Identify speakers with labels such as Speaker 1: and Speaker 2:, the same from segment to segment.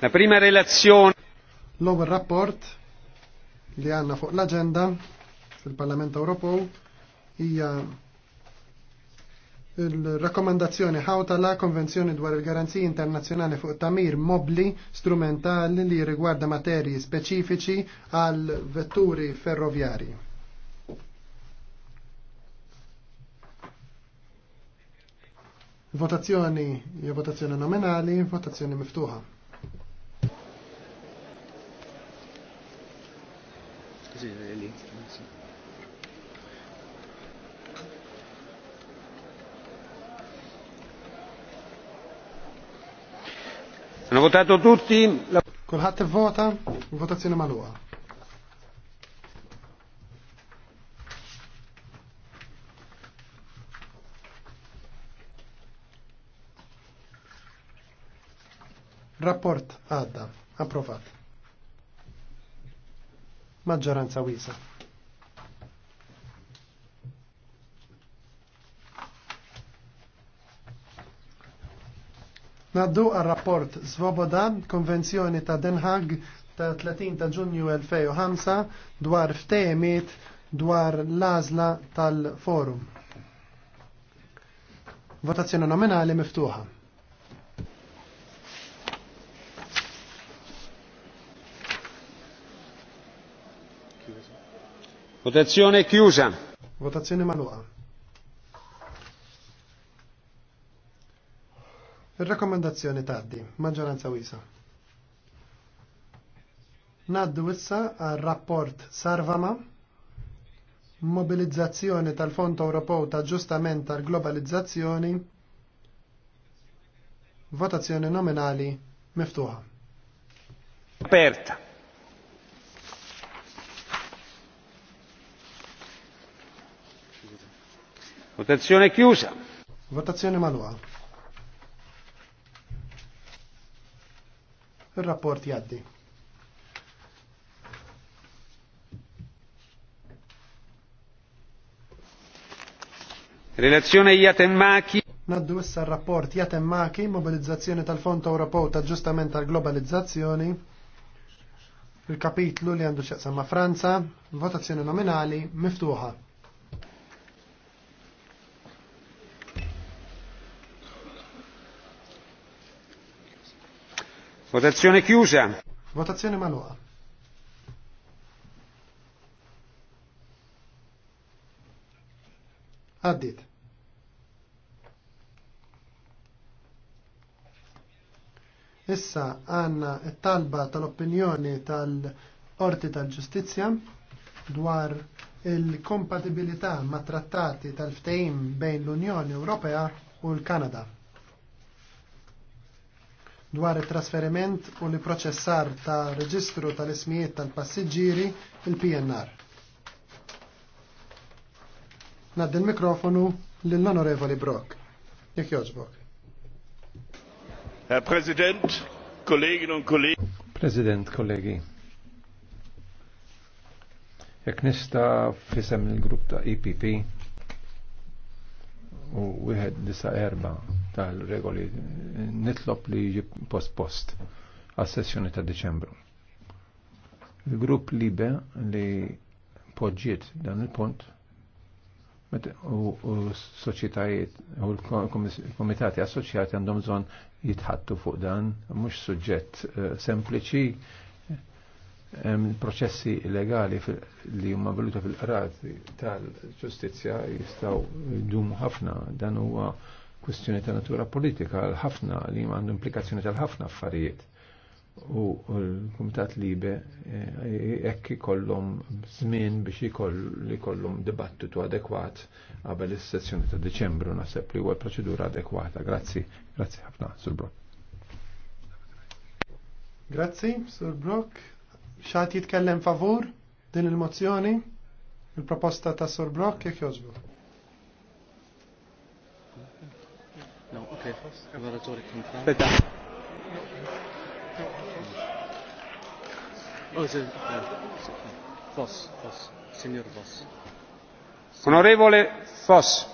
Speaker 1: La prima relazione. L-ewwel rapport li għandna fuq l-aġenda fil-Parlament Ewropew hija il-rakkomandazzjoni ħawta la Convenzione dwar il-garanziji internazzjonali fuq tamir mobli strumentali li riguarda materji speċifiċi għal vetturi ferroviari. Votazzjoni, votazzjoni nominali, votazzjoni miftuħa.
Speaker 2: Hanno votato tutti?
Speaker 1: La... Kulħat vota, votazione malua. Rapport għadda, approvato maġġoranza wiesa. Naddu għal rapport Svoboda, konvenzjoni ta' Den Haag ta' 30 ta' ġunju 2005 dwar ftemiet dwar l-azla tal-forum. Votazzjoni nominali miftuħa.
Speaker 2: Votazione chiusa.
Speaker 1: Votazione manuale. Il-rekomendazzjoni taddi, maggioranza wisa. Nad issa al rapport Sarvama, Mobilizzazione tal Fondo Europeo ta' al globalizzazione. Votazione nominali Meftuha. Aperta.
Speaker 2: Votazione chiusa.
Speaker 1: Votazione manuale. Il-rapport jaddi.
Speaker 2: Relazione Iatemmachi.
Speaker 1: Naddu issa rapport Iatemmachi, mobilizzazione tal-Fond europeo, ta' ġustament tal-globalizzazzjoni. Il-kapitlu li għandu xaqsam Franza, votazione nominali, miftuħa.
Speaker 2: Votazione chiusa.
Speaker 1: Votazione manuqa. Għaddit. Issa għanna talba tal-opinjoni tal-Orti tal-Ġustizja dwar il-kompatibilità ma' trattati tal-ftehim bejn l-Unjoni Ewropea u l-Kanada dwar it-trasferiment u li proċessar ta' reġistru tal-ismijiet tal-passiġġieri il-PNR. Nad il-mikrofonu lill-Onorevoli Brock. Jek joġbok.
Speaker 3: Herr President, kollegi und kollegi,
Speaker 4: President, kollegi. Jek nista fisem il-grupp ta' EPP u wieħed disa erba tal-regoli nitlob li jiġi post-post għas-sessjoni ta' Deċembru. Il-grupp Libe li poġġiet dan il-punt u soċjetajiet u l-komitati assoċjati għandhom bżonn jitħattu fuq dan, mhux suġġett eh, sempliċi processi illegali li huma valuta fil-qrati tal-ġustizzja jistaw dum ħafna dan huwa kwestjoni ta' natura politika l-ħafna li għandu implikazzjoni tal-ħafna affarijiet u l-Kumitat Libe eh, hekk ikollhom żmien biex li ikollhom dibattitu adekwat qabel is-sessjoni ta' Deċembru naħseb li huwa proċedura adekwata. Grazzi, grazzi ħafna, Sur Brock.
Speaker 1: Grazzi, Sur Brock xaħt jitkellem favur din il-mozzjoni? Il-proposta ta' Sor Brock jek jozbu.
Speaker 4: No, Foss, oh, Foss,
Speaker 2: Onorevole Foss,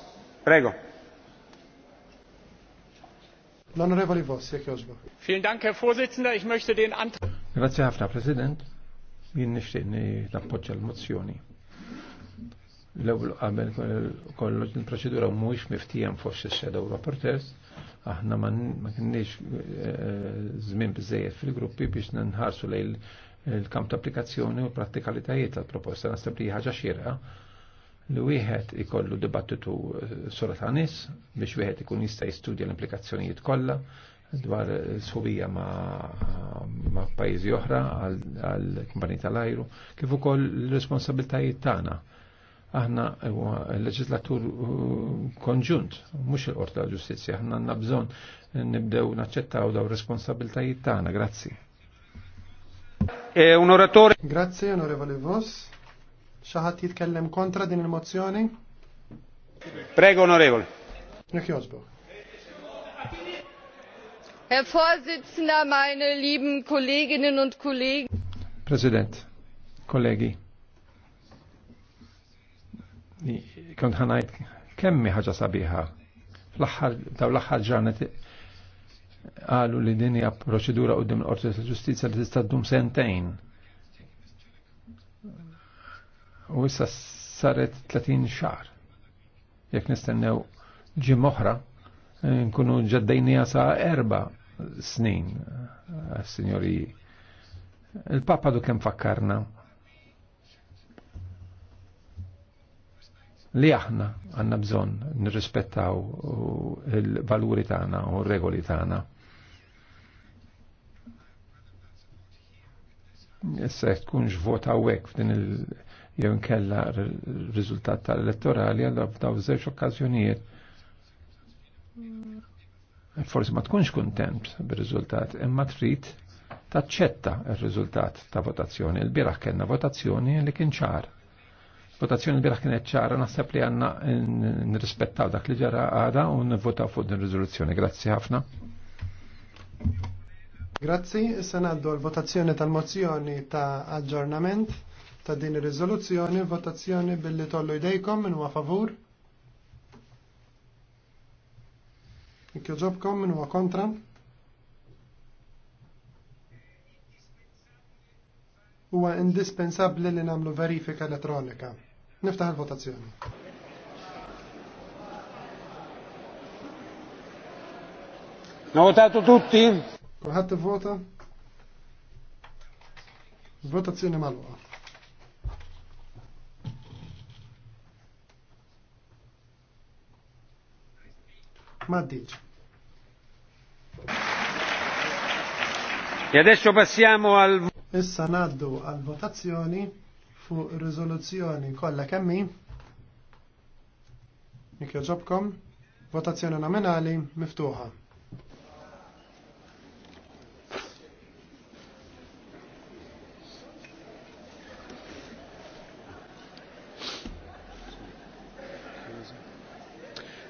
Speaker 2: prego.
Speaker 1: L'onorevole Voss, jek jozbu. Vielen Dank, Herr Vorsitzender. Ich möchte den Antrag...
Speaker 4: Grazie, Herr Präsident jien nishtiqni nappoġġa l-mozzjoni. L-ewwel qabel kollox il-proċedura mhuwiex miftijem fost is-sedew rapporters, aħna ma kinniex eh, żmien biżejjed fil-gruppi biex nħarsu lejn il-kamp ta' applikazzjoni u prattikalitajiet tal-proposta nasib li ħaġa xierqa li wieħed ikollu dibattitu eh, sura ta' nies biex wieħed ikun jista' jistudja l-implikazzjonijiet kollha, dwar subija ma', ma pajizi oħra għal kumpaniji tal-ajru, kif ukoll l-responsabiltajiet tagħna. Aħna l-leġislatur uh, konġunt, mhux il qorta l Ġustizzja, aħna għandna bżonn nibdew naċċettaw daw responsabiltajiet tagħna, grazzi.
Speaker 1: E un oratore. Grazie, onorevole Vos. Xaħat jitkellem kontra din il-mozzjoni?
Speaker 2: Prego, onorevole. Jek Herr Vorsitzender, meine lieben Kolleginnen und Kollegen.
Speaker 4: President, kollegi. Kont ħanajt kemmi ħagġa sabiħa. daw l axħar ġranet għalu li dini għab proċedura qudiem l-Qorti l-Ġustizja li t-istaddum sentajn. U issa saret 30 xar. Jek nistennew ġim Eh, nkunu ġaddejni sa' erba snin, eh, signori. Il-Papa du kem fakkarna li aħna għanna bżon nirrispettaw il-valuri tagħna u r-regoli tagħna. Issa tkunx vota hawnhekk f'din il jew nkella riżultat tal-elettorali għal f'daw żewġ okkażjonijiet forsi ma tkunx kuntent bir-riżultat, imma trid taċċetta r-riżultat ta' votazzjoni. Il-biraħ kellna votazzjoni li kien ċar. Votazzjoni l-biraħ kienet ċara, naħseb li għanna nirrispettaw dak li ġara għada u nivvotaw fuq din riżoluzzjoni. Grazzi ħafna.
Speaker 1: Grazzi, issa ngħaddu l-votazzjoni tal-mozzjoni ta' aġġornament ta' din ir-riżoluzzjoni, votazzjoni billi tollu jdejkom minn huwa favur. Ikki ġobkom minn huwa kontra. Huwa indispensabli li namlu verifika elettronika. Niftaħ il-votazzjoni. Hanno votato tutti? Kulħadd ivvota? Votazzjoni magħluqa. Maddiċ.
Speaker 2: E adesso passiamo
Speaker 1: al... Issa naddu għal votazzjoni fuq rizoluzzjoni kollha kemmi. Jekk joġobkom, votazzjoni nominali miftuħa.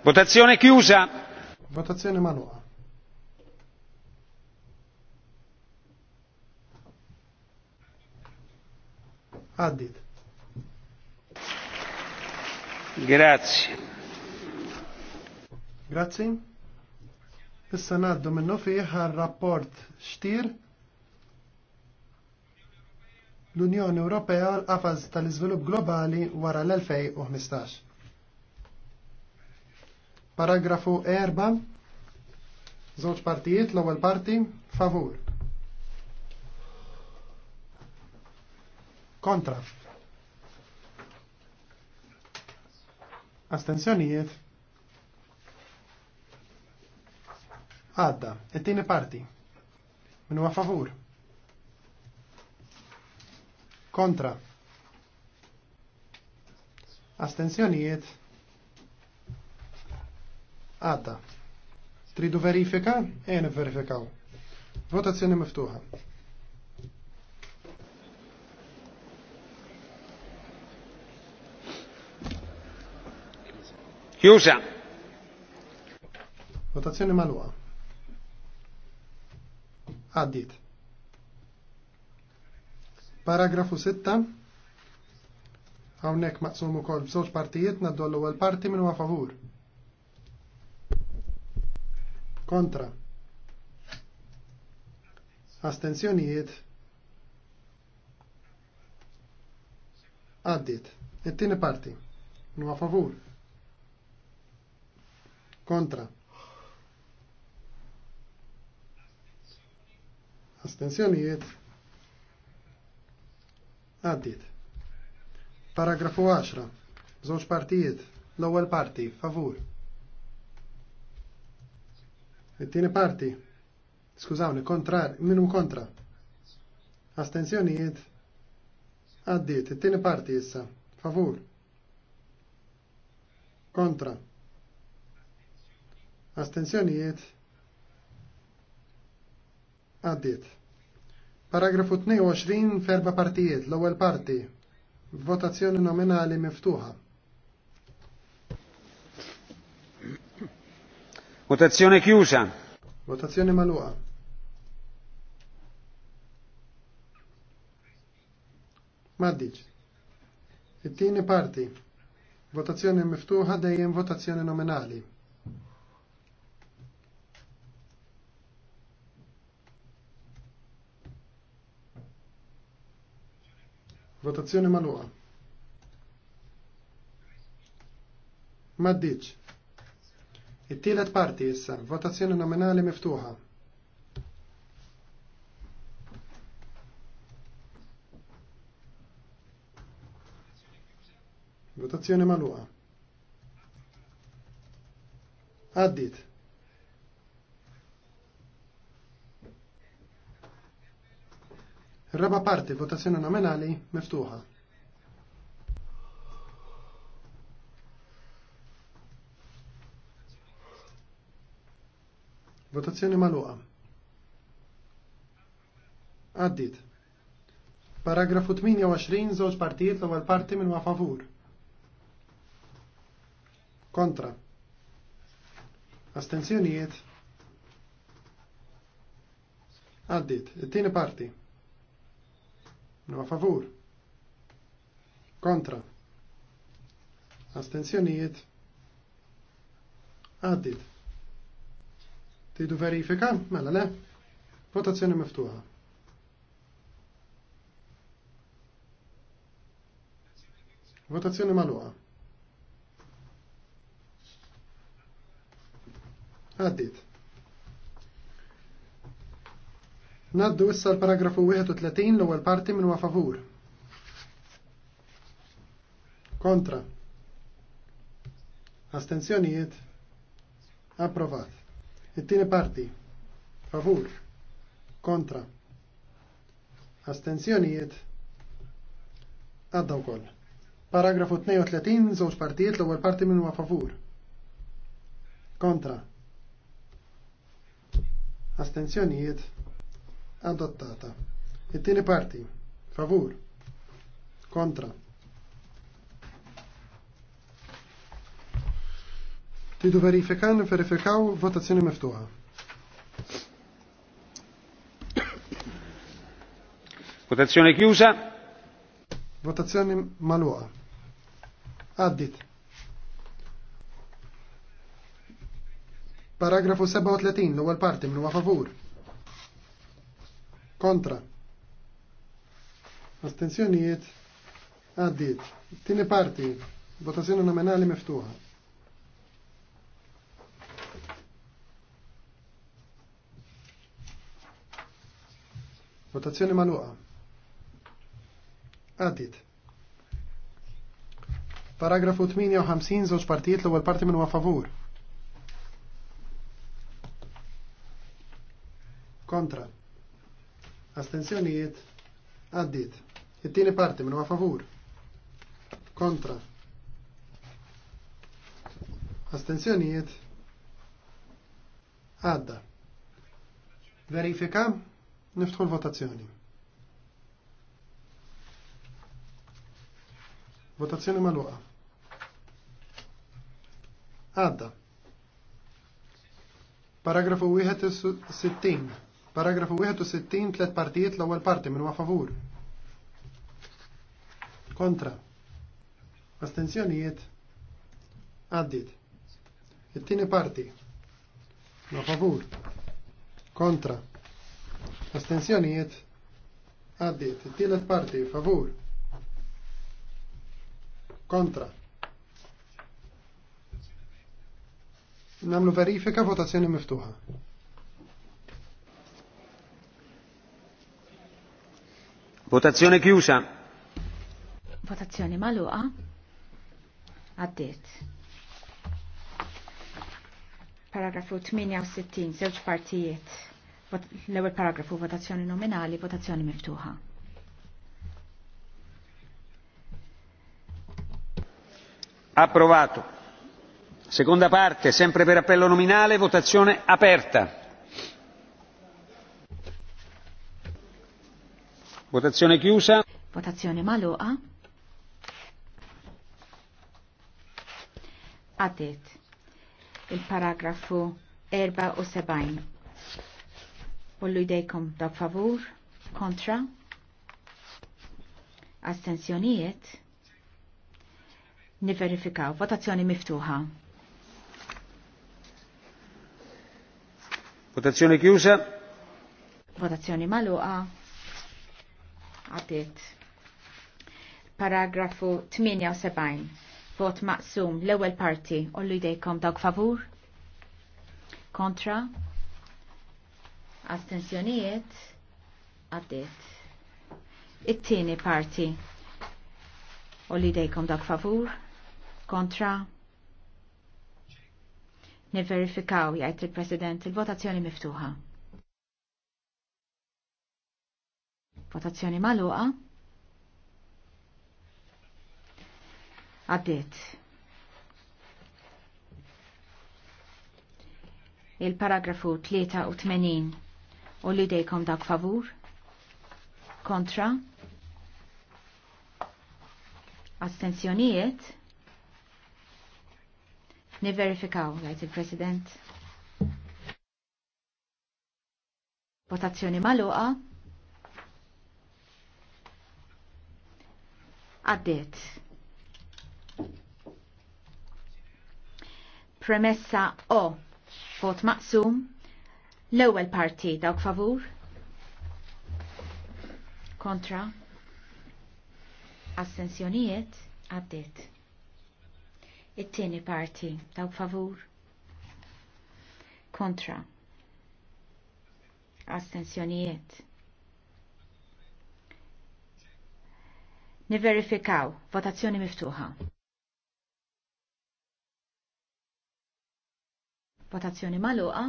Speaker 2: Votazione chiusa.
Speaker 1: Votazzjoni manuqa. Addit.
Speaker 2: Grazie.
Speaker 1: Grazie. Issa naddu minnu fiħ rapport xtir l-Unjoni Ewropea l-qafaz tal-iżvilupp globali wara l-2015. Paragrafu 4, żewġ partijiet, l-ewwel parti, favur. Kontra. Astenzjonijiet. Għadda, it-tieni parti. Min huwa favur. Kontra. Astenzjonijiet. Għadda. Tridu verifika? Ejn eh, verifikaw. Votazzjoni miftuħa. Jusa. Votazzjoni malwa. Għaddit. Paragrafu 6. Hawnhekk maqsum ukoll b'żewġ partijiet naddu l-ewwel parti minn huwa favur. Kontra. Astenzjonijiet. Għaddit. It-tieni parti. Nuwa favur. Kontra. Astenzjonijiet. Għaddit. Paragrafu 10. Żewġ partijiet. L-ewwel parti. Favur. It-tieni parti. Skużawni, kontrar, minu kontra. Astenzjonijiet. Għaddiet, it-tieni parti issa. Favur. Kontra. Astenzjonijiet. Għaddiet. Paragrafu 22 ferba partijiet, l-ewwel parti. Votazzjoni nominali miftuħa.
Speaker 2: Votazione chiusa.
Speaker 1: Votazione manuale. Maddic. E it parti. parti. meftuha dei in votazione nominali. Votazione maluqa. Maddic. It-tielet parti issa, votazzjoni nominali miftuħa. Votazzjoni maluqa. Għaddit.
Speaker 3: Raba parti, votazzjoni nominali miftuħa.
Speaker 1: Votazzjoni maluqa. Għaddit. Paragrafu 28 zoċ partijiet l għal parti minn favur. Kontra. Astenzjonijiet. Għaddit. It-tieni parti. Minn favur. Kontra. Astenzjonijiet. Għaddit. Tidu verifika? Mela le. Votazzjoni miftuħa. Votazzjoni maluqa. Għaddit. Naddu issa l-paragrafu 31 l-ewwel parti minn huwa favur. Kontra. Astenzjonijiet. Approvat. It-tieni parti. Favur. Kontra. Astenzjonijiet. Għadda wkoll. Paragrafu 32 żewġ partijiet l-ewwel parti minn huwa favur. Kontra. Astenzjonijiet. Adottata. It-tieni parti. Favur. Kontra. Ridu verifikan, verifikaw votazzjoni miftuħa. Votazzjoni chiusa. Votazzjoni maluqa. Addit. Paragrafu 37, l-ewwel parti minn huwa favur. Kontra. Astenzjonijiet. Addit. Tini parti. Votazzjoni nominali miftuħa. rotazzjoni maluqa. Għaddit. Paragrafu 58 żewġ partijiet l-ewwel parti minn huwa favur. Kontra. Astenzjonijiet. Għaddit. It-tieni parti minn huwa favur. Kontra. Astenzjonijiet. Għadda. Verifika. Niftħu l-votazzjoni. Votazzjoni maluqa. Għadda. Paragrafu 61. Paragrafu 61, tlet partijiet l-ewwel parti minn favur. Kontra. Astenzjonijiet. Għaddit. It-tieni parti. Ma favur. Kontra. Astenzjonijiet għaddiet. Tillet parti favur. Kontra. Namlu verifika votazzjoni miftuħa.
Speaker 2: Votazzjoni chiusa.
Speaker 3: Votazzjoni maluqa. Għaddit. Paragrafu 68, Zewġ partijiet l-ewwel paragrafu votazzjoni nominali, votazzjoni miftuħa.
Speaker 2: Approvato. Seconda parte, sempre per appello nominale, votazione aperta. Votazione chiusa.
Speaker 3: Votazione maloa. Adet il paragrafo Erba o sebaino. Ollu jdejkom dak favur, kontra, astensjonijiet, niverifikaw, votazzjoni miftuħa.
Speaker 2: Votazzjoni chiusa.
Speaker 3: Votazzjoni maluqa. Għatiet. Paragrafu 78. Vot maqsum l-ewwel parti. Ollu jdejkom dak favur. Kontra astensjonijiet għaddit. It-tieni parti u li dejkom dak favur kontra Niverifikaw jgħid il-President il-votazzjoni miftuħa. Votazzjoni maluqa. Għaddit. Il-paragrafu 83 u li dejkom dak favur kontra astenzjonijiet niverifikaw għajt il-President votazzjoni maluqa għaddiet premessa o vot maqsum L-ewwel parti dawk favur? Kontra? Assenzjonijiet għaddiet. It-tieni parti dawk favur? Kontra? Assenzjonijiet. Niverifikaw, votazzjoni miftuħa. Votazzjoni maluqa.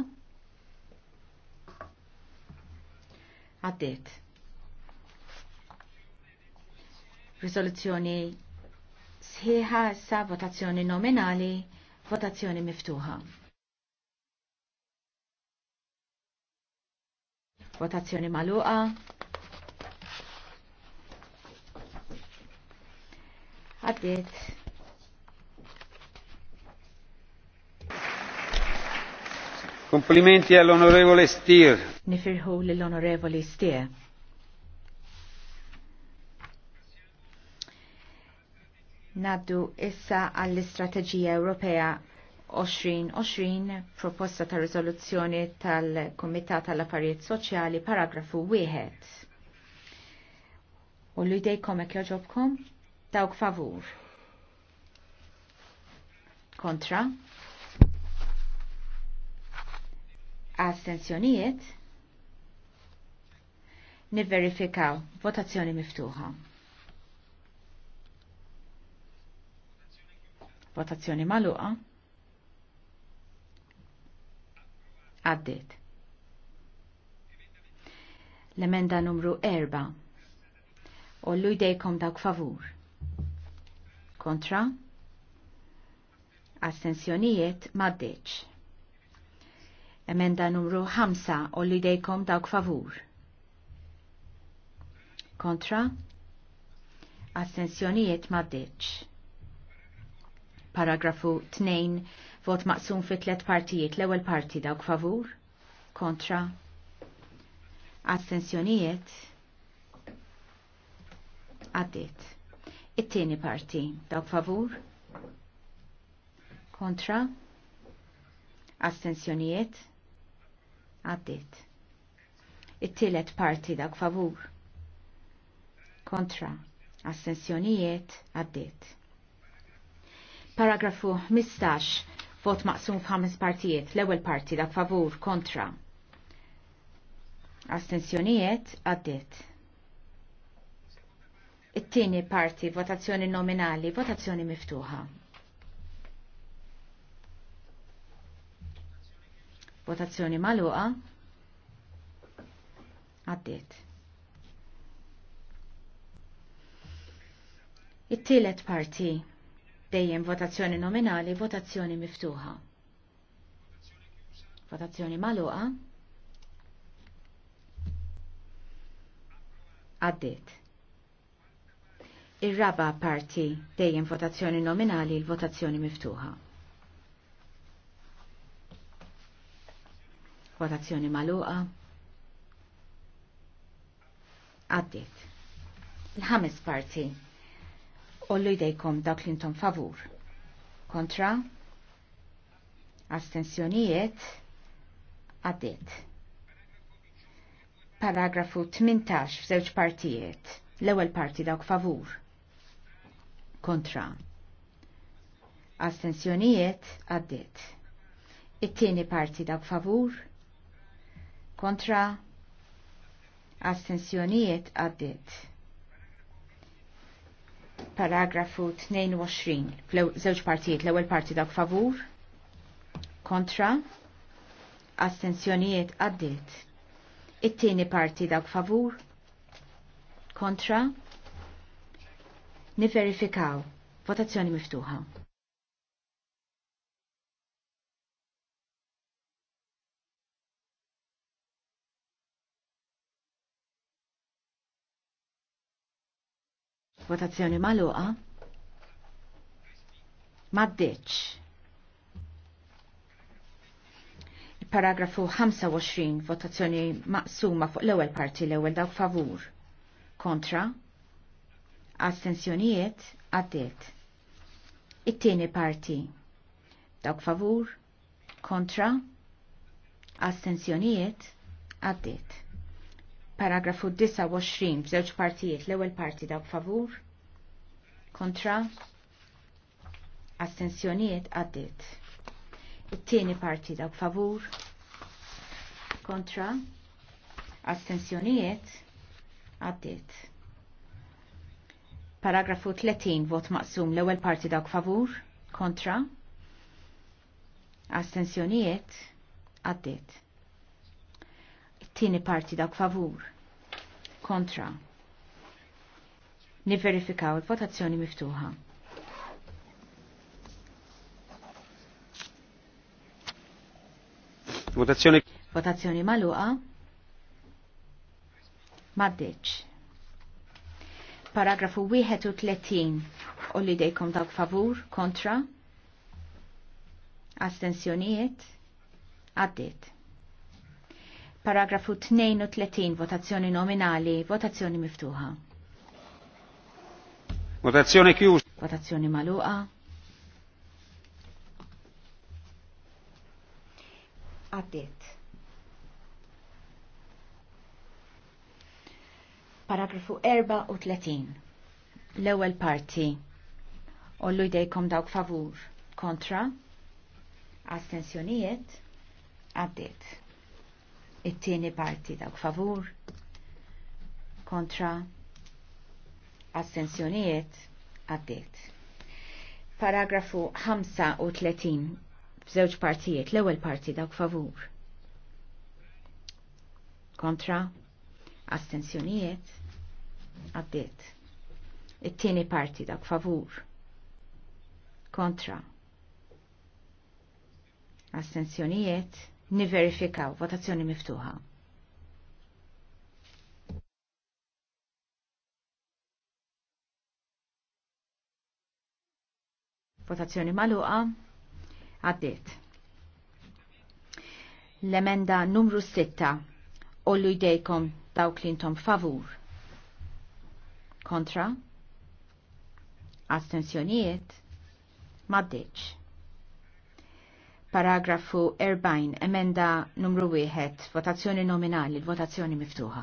Speaker 3: Għaddiet. Risoluzzjoni sħiħa sa votazzjoni nominali, votazzjoni miftuħa. Votazzjoni maluqa. Għaddiet.
Speaker 2: Komplimenti għall-Onorevole Stier.
Speaker 3: Nifirħu l-Onorevole Stier. Naddu issa għall-Istrateġija Ewropea 2020 proposta ta' rizoluzzjoni tal-Komitat tal-Affarijiet Soċjali paragrafu 1. U l dejkom ek joġobkom? Dawk favur. Kontra? astenzjonijiet nivverifikaw votazzjoni miftuħa. Votazzjoni maluqa. Għaddit. L-emenda numru 4. Ollu jdejkom dawk favur. Kontra. Astenzjonijiet maddeċ. Emenda numru 5 olli dejkom dawk favur. Kontra? ma maddiċ. Paragrafu 2. Vot maqsum fi tlet partijiet l ewwel parti dawk favur. Kontra? Assenzjonijiet? Addit. It-tieni parti dawk favur. Kontra? Astensjonijiet? għaddit. It-tielet parti dak favur kontra assenzjonijiet għaddit. Paragrafu 15 vot maqsum f'ħames partijiet l-ewwel parti dak favur kontra Astenzjonijiet għaddit. It-tieni parti votazzjoni nominali, votazzjoni miftuħa. Votazzjoni maluqa. Għaddiet. It-tielet parti dejjem votazzjoni nominali, votazzjoni miftuħa. Votazzjoni maluqa. Għaddiet. Ir-raba parti dejjem votazzjoni nominali, il-votazzjoni miftuħa. Votazzjoni maluqa. Għaddit. Il-ħames parti. Ollu jdejkom dawk li intom favur. Kontra. Astensjonijiet. Għaddit. Paragrafu 18 f'żewġ partijiet. L-ewwel parti dawk favur. Kontra. Astensjonijiet għaddit. It-tieni parti dawk favur kontra astensjonijiet għaddit. Paragrafu 22, żewġ partijiet, l-ewwel parti dak favur, kontra, astensjonijiet għaddit. It-tieni parti dak favur, kontra, niverifikaw, votazzjoni miftuħa. Votazzjoni maluqa. Maddeċ. Paragrafu 25, votazzjoni maqsuma fuq l-ewel parti l-ewel dawk favur. Kontra. Astensjonijiet għaddiet. It-tieni parti. Dawk favur. Kontra. Astensjonijiet għaddiet. Paragrafu 29 f'żewġ partijiet l-ewwel parti dawk favur, kontra, astensjonijiet għaddiet. It-tieni parti dawk favur, kontra, astensjonijiet għaddiet. Paragrafu 30 vot maqsum l-ewwel parti dawk favur, kontra, astensjonijiet għaddiet Tieni parti dak favur. Kontra. Niverifikaw il-votazzjoni miftuħa. Votazzjoni. Votazzjoni maluqa. Maddeċ. Paragrafu 31. U dejkom dawk favur, kontra. Astensjonijiet. Addit. Paragrafu 32, votazzjoni nominali, votazzjoni miftuħa. Votazzjoni chiusa. Votazzjoni maluqa. Addit. Paragrafu 34. L-ewwel parti. Ollu jdejkom dawk favur. Kontra. Astensjonijiet. Addit it-tieni parti dawk favur kontra astensjonijiet għaddiet. Paragrafu 35 f'żewġ partijiet l-ewwel parti dawk favur. Kontra Astenzjonijiet? għaddiet. It-tieni parti dawk favur. Kontra astensjonijiet niverifikaw votazzjoni miftuħa. Votazzjoni maluqa għaddiet. L-emenda numru 6 ollu jdejkom dawk li intom favur. Kontra? Astenzjonijiet? Maddiċ. Paragrafu 40, emenda numru 1, votazzjoni nominali, votazzjoni miftuħa.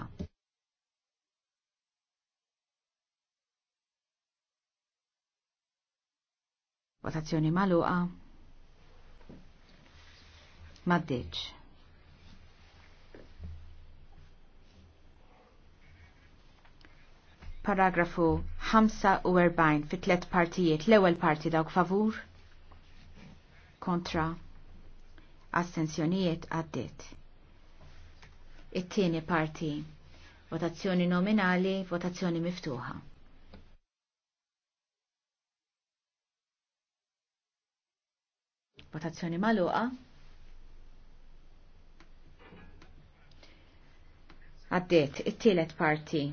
Speaker 3: Votazzjoni maluqa. Maddeċ. Paragrafu 45 fit tlet partijiet l-ewwel parti dawk favur kontra Astenzjonijiet għaddit. It-tieni parti, votazzjoni nominali, votazzjoni miftuħa. Votazzjoni maluqa. Għaddit, it-tielet parti.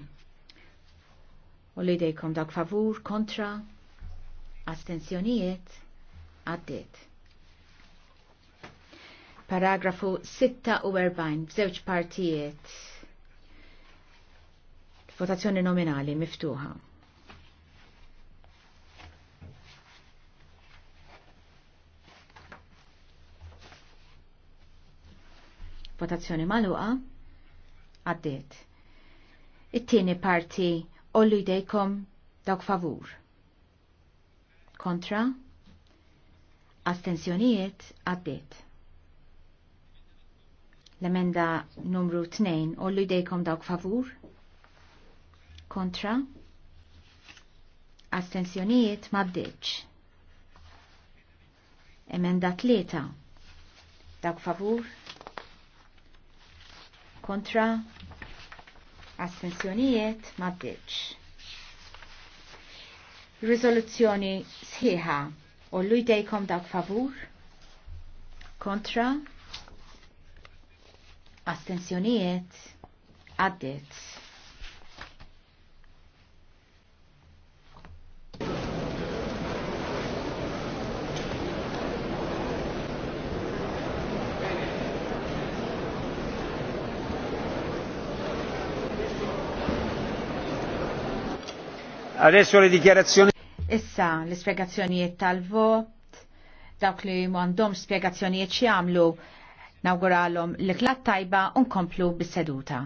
Speaker 3: U li dejkom dak favur, kontra, astensjonijiet, għaddit. Paragrafu 46 b'żewġ partijiet. Votazzjoni nominali miftuħa. votazzjoni maluqa, għaddiet. It-tieni parti ollu jdejkom dawk favur. Kontra, astensjonijiet għaddiet. L-emenda numru 2, ollu jdejkom dawk favur? Kontra? Astensjonijiet ma bdiċ. Emenda 3, dawk favur? Kontra? Astensjonijiet ma bdiċ. Rizoluzzjoni sħiħa, ollu jdejkom dawk favur? Kontra? Astensjonijiet għaddit.
Speaker 2: Adesso le dichiarazioni.
Speaker 3: Issa l-ispiegazzjonijiet tal-vot, dawk li mandom spiegazzjonijiet xi għamlu? Nawguralhom l-iklat tajba u nkomplu bis-seduta.